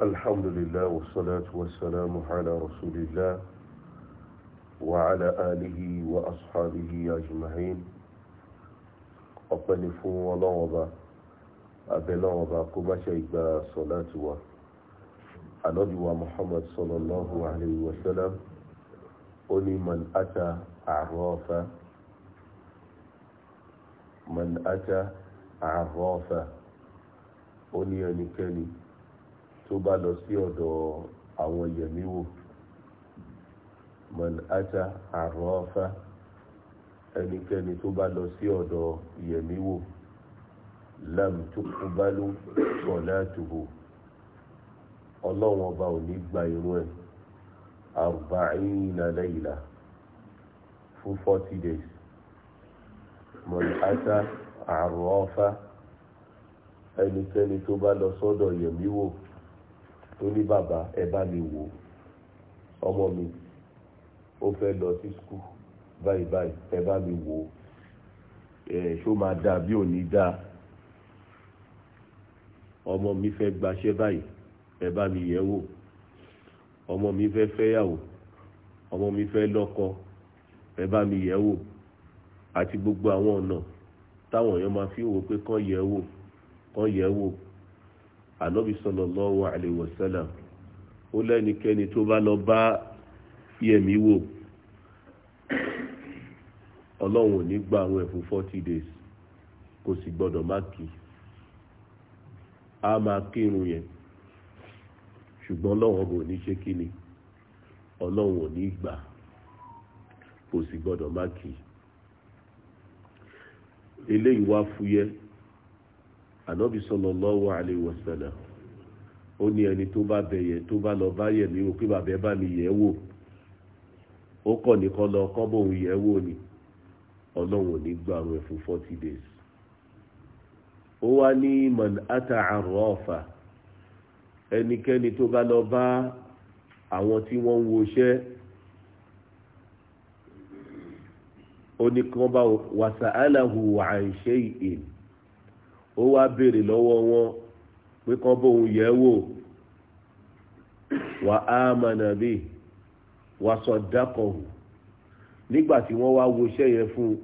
الحمد لله والصلاة والسلام على رسول الله وعلى آله وأصحابه أجمعين ọpẹ́ni fún ọlọ́run ọba abẹ́lọ́run ọba kó má ṣe ìgbà sọ̀láàtì wa anọ́bíwa muhammad sallallahu alayhi wa sallam ó ní man ata àrọ́ọ̀fà man ata àrọ́ọ̀fà ó ní ẹnikẹ́ni tó bá lọ sí ọ̀dọ̀ àwọn yẹ̀mí wò man ata àrọ́fà ẹnikẹ́ni tó bá lọ sí ọ̀dọ̀ yẹ̀mí wò lam tukubalu sọ̀láàtùhù ọlọ́run ọba ò ní gba irun ẹ̀ arba'ina layla fún forty days man ata àrọ́fà ẹnikẹ́ni tó bá lọ sọ́dọ̀ yẹ̀mí tó ní bàbá ẹ bá mi wò ọmọ mi ó fẹ́ lọ sí skul báyìí báyìí ẹ bá mi wò ẹ ṣó máa dáa bí ò ní dáa ọmọ mi fẹ́ gbaṣẹ́ báyìí ẹ bá mi yẹ̀ wò ọmọ mi fẹ́ fẹ́yàwó ọmọ mi fẹ́ lọ́kọ ẹ bá mi yẹ̀ wò àti gbogbo àwọn ọ̀nà táwọn èèyàn máa fi wò pé kán yẹ̀ wò kán yẹ̀ wò ànábì sallallahu alayhi wa sallam ó lẹ́nikẹ́ni tó bá lọ bá yẹ̀mí wò ọlọ́run ò ní gba àwọn ẹ̀fún forty days kò sì gbọ́dọ̀ má kì a máa kírun yẹn ṣùgbọ́n ọlọ́run ọba ò ní ṣe kí ni ọlọ́run ò ní gbà kò sì gbọ́dọ̀ má kì eléyìí wá fúyẹ́ ànábì sallallahu alayhi wa sallam ó ní ẹni tó bá bẹ̀yẹ tó bá lọ bá yẹ̀ mí wò pé bàbá ẹ bá mi yẹ̀ wò ó kọ̀ nìkan lọ kọ́bọ̀ òun yẹ̀ wò ni ọlọ́run ò ní gbà rẹ̀ fún forty days ó wá ní man ata àrùn ọ̀fà ẹnikẹ́ni tó bá lọ bá àwọn tí wọ́n ń woṣẹ́ ó ní kí wọ́n bá wàsà aláhùn wàá ìhìn ó wá béèrè lọ́wọ́ wọn pé kán bóun yẹ̀ wò wà á mànàbí wà sọ dákọ̀hù nígbà tí wọ́n wá wo iṣẹ́ yẹn fún un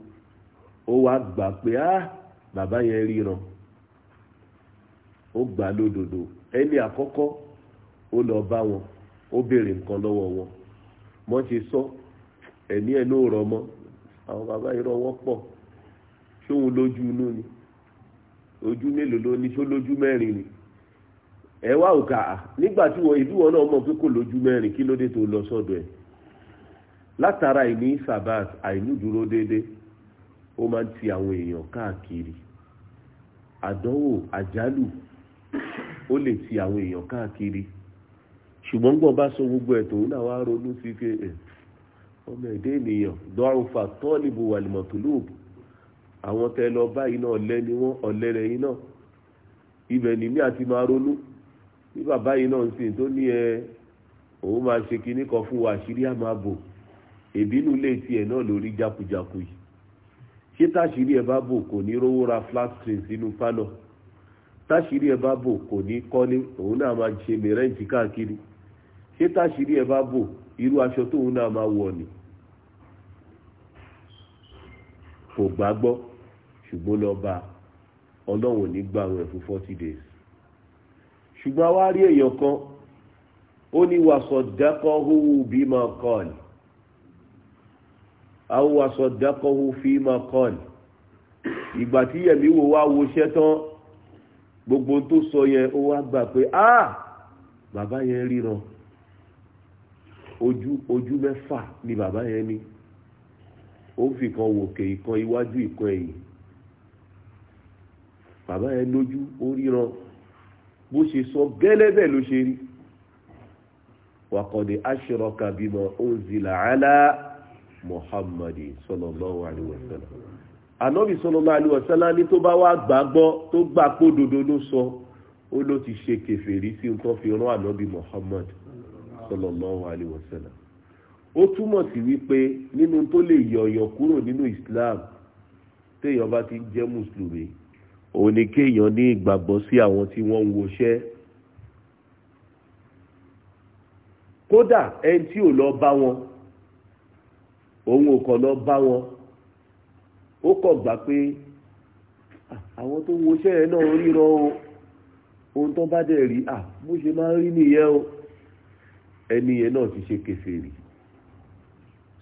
ó wá gbà pé á ah, bàbá yẹn ríran ó gbà lódodo ẹni àkọ́kọ́ ó lọ bá wọn ó béèrè nǹkan lọ́wọ́ wọn mọ́ ti sọ ẹ̀ní ẹ̀ ló rọ̀ mọ́ àwọn bàbá irọ́ wọn pọ̀ ṣóun lójú inú ni ojú mélòó ló ní ṣó lójú mẹ́rin ni ẹ wá òkà nígbà tí wọn ìdúwọ náà mọ̀ pé kò lójú mẹ́rin kí ló dé tó lọ sọ́dọ̀ ẹ̀ látara ìní sabat àìnídúró déédé ó máa ń ti àwọn èèyàn káàkiri àdánwò àjálù ó lè ti àwọn èèyàn káàkiri ṣùgbọ́n gbọ́n bá sọ gbogbo ẹ̀ tòun náà wá ronú sí pé ọmọ ẹ̀dẹ́ ènìyàn dọ́rùn fà tọ́ọ̀lì bu wàlìmọ̀tòlóòbù àwọn tẹ lọ báyìí náà ọ̀lẹ ni wọ́n ọ̀lẹ rẹ̀ yìí náà ibẹ̀ nìmí àti máa ronú bí bàbá yìí náà ń sìn tó ní ẹ òun máa ṣe kinní kan fún wa àṣírí àmàbò ìbínú lè tiẹ̀ náà lórí jákujàku yìí ṣé táṣírí ẹ bá bò kò ní rówó ra flat screen sínú pálọ̀ táṣírí ẹ bá bò kò ní kọ́lé òun náà máa ṣe mìrẹ́ǹtì káàkiri ṣé táṣírí ẹ bá bò irú aṣọ tóun náà máa wọ̀ ni kò gbàgbọ́ ṣùgbọ́n lọ bá ọlọ́run ò ní gbà wẹ̀ forty days ṣùgbọ́n wá rí èèyàn kan ó ní wàsọ̀ dákọ̀ hóhù bí máa kọ́ọ̀lì àwọn wàsọ̀ dákọ̀ hóhù fi máa kọ́ọ̀lì ìgbà tí yẹ̀mí wo wá wo iṣẹ́ tán gbogbo tó sọ yẹn ó wá gbà pé a ah, bàbá yẹn ríran ojú ojú mẹ́fà ni bàbá yẹn ní ó fi kan wòkè ìkan iwájú ìkan ẹ̀yìn bàbá yẹn lójú ó ríran bó ṣe sọ gẹ́lẹ́ bẹ́ẹ̀ ló ṣe rí wàkọ̀dé ashraka bima unzila ala muhammadin sallallahu alaihi wasallam ànábì sallallahu alaihi wasallam ní tó bá wá gbàgbọ́ tó gbà pé òdodo ló sọ ó ló ti ṣe kèfèrí sí nǹkan fi rán ànábì muhammad sallallahu alaihi wasallam ó túmọ̀ sí wípé nínú tó lè yọ̀yọ̀ kúrò nínú islam téèyàn bá ti jẹ́ mùsùlùmí òun ni kéèyàn ní ìgbàgbọ́ sí àwọn tí wọ́n ń woṣẹ́ kódà ẹni tí ò lọ bá wọn òun ò kàn lọ bá wọn ó kàn gbà pé àwọn tó ń woṣẹ́ yẹn náà ríran o ohun tó bá dẹ̀ rí à bó ṣe máa ń rí nìyẹn o ẹni yẹn náà ti ṣe kèfèrí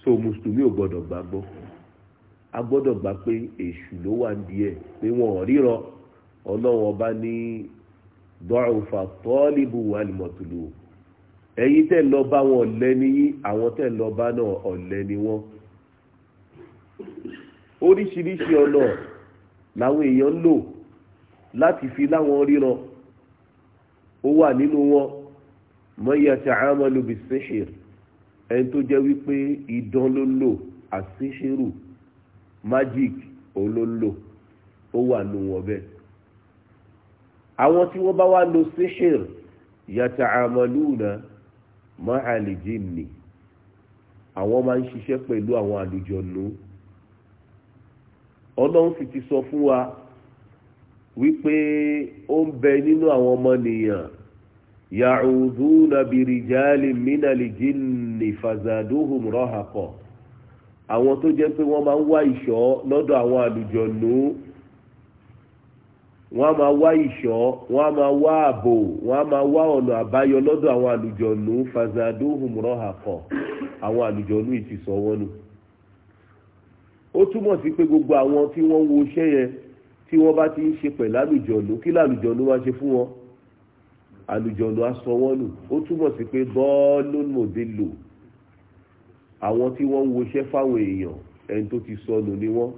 so mùsùlùmí ò gbọdọ̀ gbàgbọ́ a gbọ́dọ̀ gbà pé èṣù ló wà díẹ̀ pé wọn ò ríran ọlọ́run ọba ní dọ́ọ̀fà tọ́ọ̀lìbù wà lùmọ̀tòlù tẹ̀ lọ bá wọn ọ̀lẹ́ ni yín àwọn tẹ̀ lọ bá náà ọ̀lẹ́ ni wọ́n oríṣiríṣi ọ̀nà làwọn èèyàn ń lò láti fi láwọn ríran ó wà nínú wọn mọ́yà tí a máa lò bí ẹni tó jẹ́ wípé idán ló lò àṣíṣírù magic òun ló ń lò ó wà nù wọn bẹ́ẹ̀ àwọn tí wọ́n bá wá lo sihir yàtà àmàlùnà má àlejò àwọn máa ń ṣiṣẹ́ pẹ̀lú àwọn àlùjọ̀nù ọlọ́run sì ti sọ fún wa wípé ó ń bẹ nínú àwọn ọmọnìyàn ya'uduna birijali minal jinni fazaduhum rahaqa àwọn tó jẹ́ pé wọ́n máa ń wá ìṣọ́ lọ́dọ̀ àwọn àlùjọ̀nù wọ́n á máa wá ìṣọ́ wọ́n á máa wá ààbò wọ́n á máa wá ọ̀nà àbáyọ lọ́dọ̀ àwọn àlùjọ̀nù fazaduhum rahaqa àwọn àlùjọ̀nù ìtì sọ wọ́n nù. ó túmọ̀ sí pé gbogbo àwọn tí wọ́n ń wo iṣẹ́ yẹn tí wọ́n bá ti ń ṣe pẹ̀lú àlùjọ̀nù kí làlùjọ̀nù máa ṣe fún wọn àlùjọ̀nù á sọ wọ́n nù ó túmọ̀ sí pé bọ́ọ̀lù mòdélò àwọn tí wọ́n ń woṣẹ́ fáwọn èèyàn ẹni tó ti sọnù ni wọ́n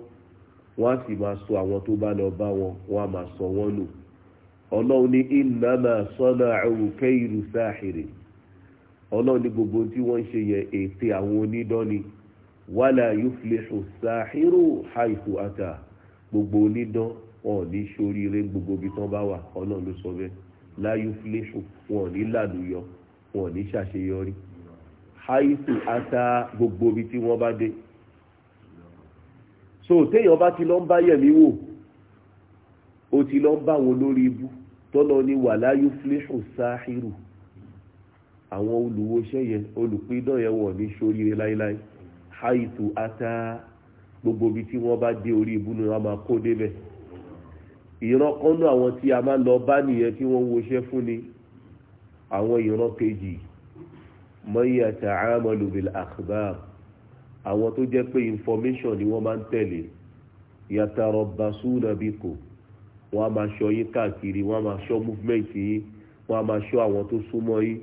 wọ́n á sì máa sọ àwọn tó bá lọ bá wọn wọ́n á máa sọ wọ́n nù ọlọ́run ní ìnáma sọ́nà àrùn kẹ́yìrù sáàhìrì ọlọ́run ní gbogbo tí wọ́n ń ṣe yẹ ète àwọn onídọ́ni wàlà yúflẹ̀ṣù sáàhìrù haifu ata gbogbo onídán wọn ní ṣoríire gbogbo ibi tán bá wà ọlọ́run ló sọ bẹ́ẹ̀ láyúflẹ̀ṣù wọn ní làlùyọ wọn ní ṣàṣeyọrí haitu ata gbogbo ibi tí wọ́n bá dé so téèyàn bá ti lọ ń bá yẹ̀mí wò ó ti lọ ń bá wọn lórí ibú tọ́lọ ni wàlá yuflihu sáhírù àwọn olùwòṣẹ́ yẹn olùpínà yẹn wọ̀ ní sóríire láíláí haitu ata gbogbo ibi tí wọ́n bá dé orí ibú ni wọ́n máa kó débẹ̀ ìran kan náà àwọn tí a máa lọ bá nìyẹn tí wọ́n ń fún ni àwọn ìran kejì yìí mọ́yà ta'amalu bil akhbar àwọn tó jẹ́ pé information ni wọ́n máa ń tẹ̀lé yatarabbasuna bikum wọ́n á máa ṣọ́ yín káàkiri wọ́n á máa ṣọ́ movement yín wọ́n á máa ṣọ́ àwọn tó súnmọ́ yín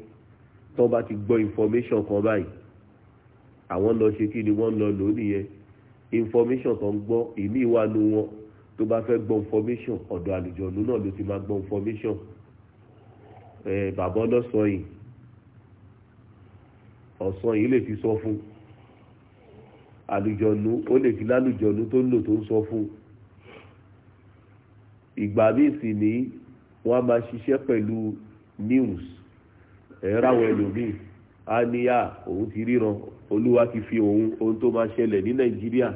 tó bá ti gbọ́ information kan báyìí àwọn lọ ṣe kí ni wọ́n lọ lò nìyẹn information tó ń gbọ́ ìmí wà nù wọn tó bá fẹ́ gbọ́ information ọ̀dọ̀ àlùjọ̀nù náà ló ti máa gbọ́ information bàbá ọlọ́sọ yìí ọ̀sán yìí lè fi sọ fún àlùjọ̀nù ó lè fi lálùjọ̀nù tó ń lò tó ń sọ fún ìgbà míì sì wọ́n máa ṣiṣẹ́ pẹ̀lú news ẹ̀rọ àwọn ẹlòmíì á ní à òun ti ríran olúwa ti fi òun ohun tó máa ṣẹlẹ̀ ní nàìjíríà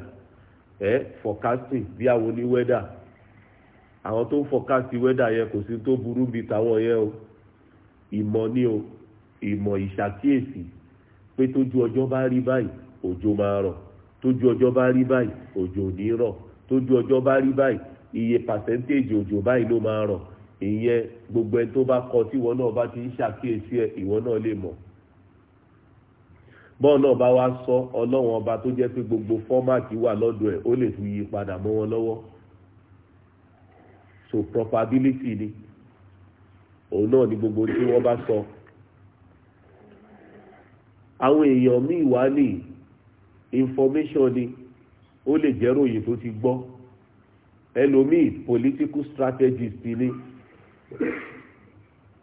ẹ forecasting bí àwọn oníwẹ́dà àwọn tó ń forecast wẹ́dà yẹn kò sí tó burú bíi tàwọn yẹn o ìmọ̀ ni o ìmọ̀ ìṣàkíyèsí pé tójú ọjọ́ bá rí báyìí òjò máa rọ̀ tójú ọjọ́ bá rí báyìí òjò ò ní rọ̀ tójú ọjọ́ bá rí báyìí iye pàṣẹ́ntéèjì òjò báyìí ló máa rọ̀ ìyẹn gbogbo ẹni tó bá kọ tí ìwọ náà bá ti ń ṣàkíyèsí ẹ ìwọ náà lè mọ̀ bọ́ọ̀ náà bá wá sọ ọlọ́run ọba tó jẹ́ pé gbogbo fọ́máàtì wà lọ́dọ̀ ẹ̀ ó lè tún yí padà mọ́ wọn lọ́wọ́ so probability ni òun náà ni gbogbo tí wọ́n bá sọ àwọn èèyàn míì wá ní information ni ó lè jẹ́ ròyìn tó ti gbọ́ ẹlòmíì political strategist ni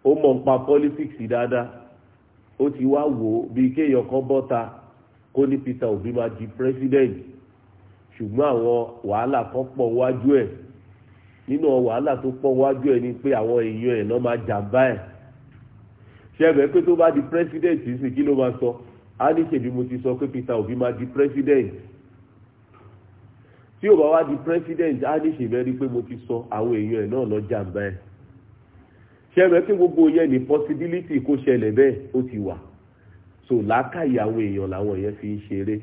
ó mọ̀ nípa politics dáadáa ó ti wá wò ó bíi kéèyàn kan bọ́ta kó ní Peter Obi máa di president ṣùgbọ́n àwọn wàhálà kan pọ̀ wájú ẹ̀ nínú wàhálà tó pọ̀ wájú ẹ̀ ni pé àwọn èèyàn ẹ̀ náà máa jàmbá ẹ̀ ṣẹ́bẹ̀ẹ́ pé tó bá di president sí kí ló máa sọ á ní ṣèbí mo ti sọ pé Peter Obi máa di president tí ò bá wá di president á ní ṣèbẹ̀ẹ́ rí pé mo ti sọ àwọn èèyàn ẹ̀ náà lọ́jà ń báyìí ṣẹ́bẹ̀ẹ́ pé gbogbo yẹn ní possibility kó ṣẹlẹ̀ bẹ́ẹ̀ ó ti wà so làákàyè àwọn èèyàn làwọn yẹn fi ń ṣeré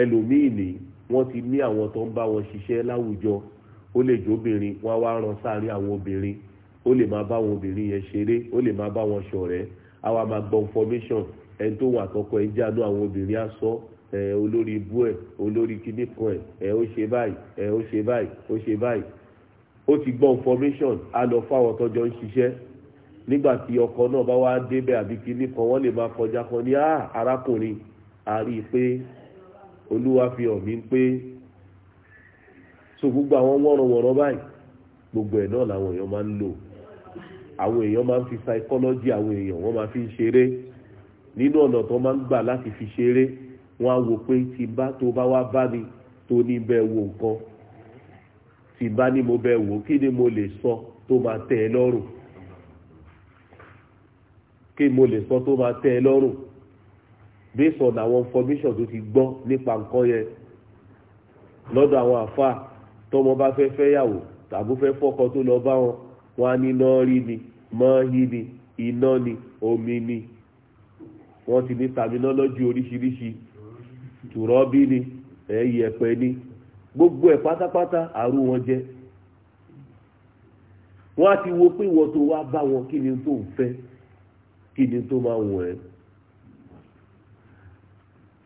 ẹlòmíì ni wọ́n ti ní àwọn tó ń bá wọn ṣiṣẹ́ láwùjọ ó lè jóbìnrin wọ́n wá rán sáárín àwọn obìnrin ó lè máa bá àwọn obìnrin yẹn ṣeré ó lè máa bá wọn ṣọ̀rẹ́ àwa máa gbọ́ information ẹni tó wà tọkọ ẹ jáde àwọn obìnrin á sọ ẹ olórí ibú ẹ olórí kíní kan ẹ ẹ ó ṣe báyìí ẹ ó ṣe báyìí ó ṣe báyìí ó ti gbọ́ information á lọ fáwọn tọjọ́ ń ṣiṣẹ́ nígbà tí ọkọ náà bá wá débẹ̀ àbí kíní kan wọ́n lè máa kọjá kan ní arákùnrin a rí i pé olúwa fi hàn mí pé so gbogbo àwọn wọ́nrọ̀wọ̀nrọ̀ báyìí gbogbo ẹ̀ náà làwọn èèyàn máa ń lò àwọn èèyàn máa ń fi psychology àwọn èèyàn wọ́n máa fi ń ṣeré nínú ọ̀nà tó máa ń gbà láti fi ṣeré wọ́n á wò pé tí bá tó bá wá bá mi tó ní bẹ́ẹ̀ wo nǹkan tí bá ní mo bẹ́ẹ̀ wò kí ni mo lè sọ tó máa tẹ́ ẹ lọ́rùn kí mo lè sọ tó máa tẹ́ ẹ lọ́rùn based on àwọn information tó ti gbọ́ nípa nǹkan yẹn lọ́dọ̀ àwọn àfa tọmọ bá fẹ́ fẹ́ yàwó tàbí fẹ́ fọ́kọ tó lọ bá wọn wọ́n á ní nọ́ọ̀rí ni mọ́ọ̀hí ni iná ni omi ni wọ́n ti ní tàmínọ́lọ́jì oríṣiríṣi tùrọ́bí ni ẹ̀yẹ̀pẹ̀ ni gbogbo ẹ̀ pátápátá àrùn wọn jẹ́ wọ́n á ti wo pé ìwọ tó wá bá wọn kí ni tó ń fẹ́ kí ni tó máa wọ̀ ẹ́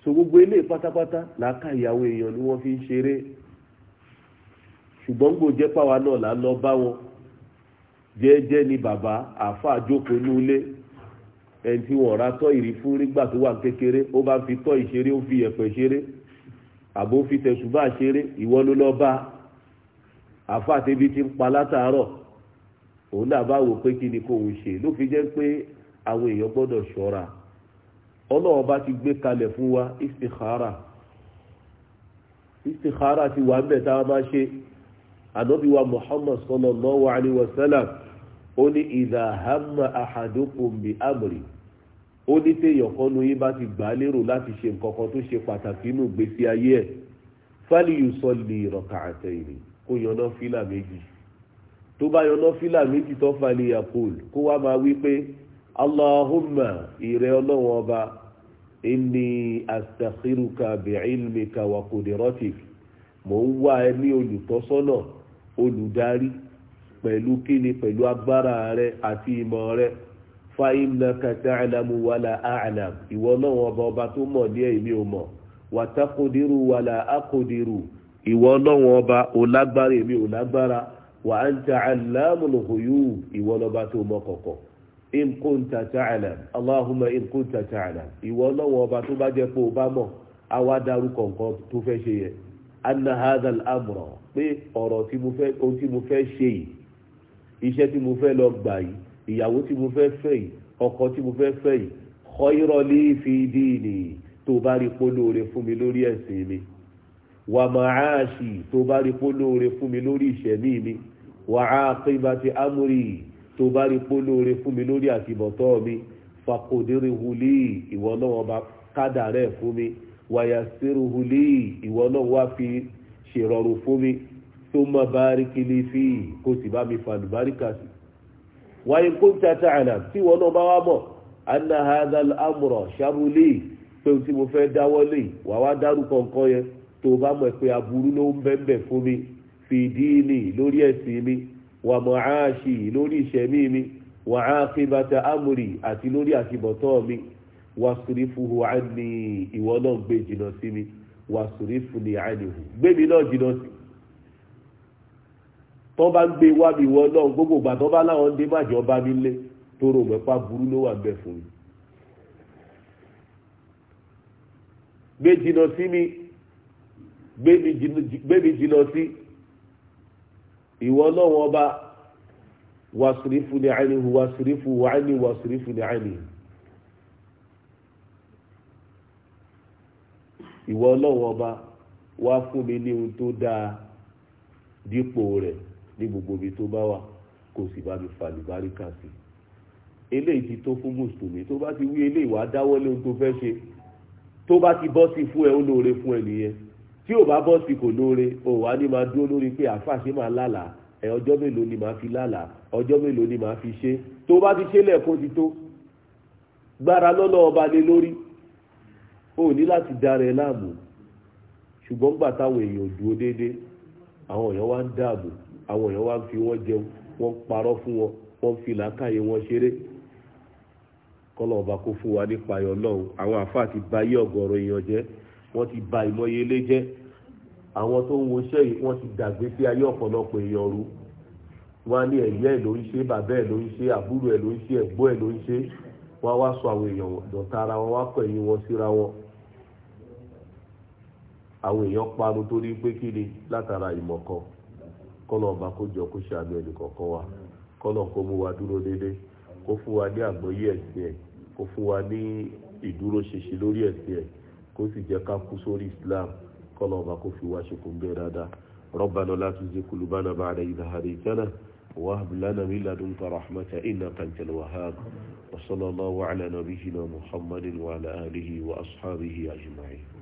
so gbogbo ilé pátápátá làákà ìyàwó èèyàn ni wọ́n fi ń ṣeré ṣùgbọ́n gbòjẹ́pàwá náà là ń lọ bá wọn jẹ́ẹ́jẹ́ ni bàbá àáfàá jókòó ní ilé ẹni tí wọ́n ra tọ́ ìrí fún nígbà tó wà kékeré ó bá fi tọ́ ìṣeré ó fi ẹ̀pẹ̀ ṣeré àbó fi tẹ̀sùbá ṣeré ìwọ ló lọ bá àáfàá tẹ́bi ti ń pa látàárọ̀ òun náà bá wò pé kí ni kò ń ṣe ló fi jẹ́ pé àwọn èèyàn gbọ́dọ̀ ṣọ́ra ọlọ́run bá ti gbé kalẹ̀ fún wa istikhara istikhara ti wà ń bẹ̀ tá a máa ṣe ànábì wa muhammad sallallahu alayhi wa sallam ó ní idha hamma ahadukum bi amri ó ní téèyàn kọ́nu yín bá ti gbà á lérò láti ṣe nǹkan kan tó ṣe pàtàkì inú ìgbésí ayé ẹ̀ falyusalli rak'atayn kó yọná fílà méjì tó bá yọná fílà méjì tó falyaqul kó wá máa wí pé allahumma ìrẹ́ ọlọ́wọ́n ọba inni astakhiruka bi'ilmika wa qudratik mò ń wá ẹ ní olùtọ́sọ́nà olùdarí pẹ̀lú kíni pẹ̀lú agbára rẹ àti ìmọ̀ rẹ fáìmù kàtà àlàmù wàlà àlàm ìwọ náà ọba ọba tó mọ̀ ní èmi ò mọ̀ wàtàkùdírù wàlà àkùdírù ìwọ náà ọba ò lágbára èmi ò lágbára wà á ń ta àlàmù lòhùyù ìwọ lọ́ba tó mọ̀ kọ̀kọ̀ ìmkúntà tààlàm aláhùnmá ìmkúntà tààlàm ìwọ náà ọba tó bá jẹ́ pé o bá mọ̀ àwa dárúkọ nǹkan tó fẹ́ ṣe yẹn anna hadal amra pé ọ̀rọ̀ tí mo fẹ́ ohun tí mo fẹ́ ṣe yìí iṣẹ́ tí mo fẹ́ lọ gbà yìí ìyàwó tí mo fẹ́ fẹ́ yìí ọkọ tí mo fẹ́ fẹ́ yìí khayra li fi dini tó bá rí polóore fún mi lórí ẹ̀sìn mi wà màáṣì tó bá rí polóore fún mi lórí ìṣẹ̀mí mi wà aqibati amri tó bá rí polóore fún mi lórí àtibọ̀tọ́ mi fàkòdérehulí ìwọ náà ọba kádàrẹ́ fún mi wàyàsírùhù lè ìwọ náà wá fi ṣèrọ̀rùn fún mi tó mọ báríkì lè fi kó sì bá mi fa àlùbáríkà sí. wáyé kóńtà tààlà tí ìwọ náà bá wá mọ̀ anna hadal amúrọ̀ ṣàrù lè pé tí mo fẹ́ dáwọ́ wà wá dárúkọ nǹkan yẹn tó bá mọ̀ pé aburú ló ń bẹ́ẹ̀ fún mi fìdí ni lórí ẹ̀sìn mi wà mọ̀ áàṣì lórí ìṣẹ̀mí mi wà áàkìbàtà amúrì àti lórí àtibọ̀tọ́ mi wasurifuhu ani ìwọ náà gbé jìnnà sí mi wasurifu ni anihu gbé mi náà jìnnà sí tọ́ bá ń gbé wá mi ìwọ náà gbogbo ìgbà tọ́ bá láwọn ń dé májọ bá mi lé tóró mẹ́fà burú ló wà bẹ́ẹ̀ fún mi. gbé jìnnà sí mi gbé mi jìnnà sí ìwọ náà wọn bá wasurifu ni anihu wasurifu wa wasurifu ni anihu. ìwọ ọlọ́run ọba wá fún mi ní ohun tó dáa dípò rẹ̀ ní gbogbo ibi tó bá wà kò sì bá mi fà lùbáríkà sí i eléyìí ti tó fún mùsùlùmí tó bá ti wí eléyìí wàá dáwọ́lé ohun tó fẹ́ ṣe tó bá ti bọ́ sí fún ẹ ó lóore fún ẹ nìyẹn tí ò bá bọ́ sí kò lóore ò wá ní máa dúró lórí pé àáfà ṣe máa lálàá ẹ ọjọ́ mélòó ni màá fi lálàá ọjọ́ mélòó ni màá fi ṣe tó bá ti ṣe lẹ́ẹ̀kan ti tó gbára lọ́nà ọba lé lórí o ní láti dára ẹ láàmú ṣùgbọ́n gbà táwọn èèyàn dúró déédéé àwọn èèyàn wá ń dáàbò àwọn èèyàn wá ń fi wọ́n jẹun wọ́n parọ́ fún wọn wọ́n fi làákàyè wọn ṣeré kọ́lọ̀ ọba kó fún wa nípa ayọ̀ lọ́hùn àwọn àfáà ti ba ayé ọ̀gọ̀rọ̀ èèyàn jẹ́ wọ́n ti ba ìmọ̀ye ilé jẹ́ àwọn tó ń woṣẹ́ yìí wọ́n ti dàgbé sí ayé ọ̀pọ̀lọpọ̀ èèyàn rú wọ́n á ní ẹ̀yẹ́ ẹ̀ ló ń ṣe bàbá ẹ̀ ló ń ṣe àbúrò ẹ̀ ló ń ṣe ẹ̀gbọ́n ẹ̀ ló ń ṣe wọ́n á wá sọ àwọn èèyàn dọ̀tá wọn wá pẹ̀yìn wọn síra wọn àwọn èèyàn parun torí pé kíni látara ìmọ̀kọ kọ́nà ọba kó jọ kó ṣàánú ẹnì kọ̀ọ̀kan wa kọ́nà kó mú wa dúró dédé kó fún wa ní àgbọ́yé ẹ̀sìn ẹ̀ kó fún wa ní ìdúróṣinṣin lórí ẹ̀sìn ẹ̀ kó sì jẹ́ ká kú sórí Islam kọ́nà ọba kó fi wá ṣokùn bẹ́ẹ̀ dáadáa ربنا لا تزغ قلوبنا بعد إذ هديتنا وهب لنا من لدنك رحمة إنك أنت الوهاب وصلى الله على نبينا محمد وعلى آله وأصحابه أجمعين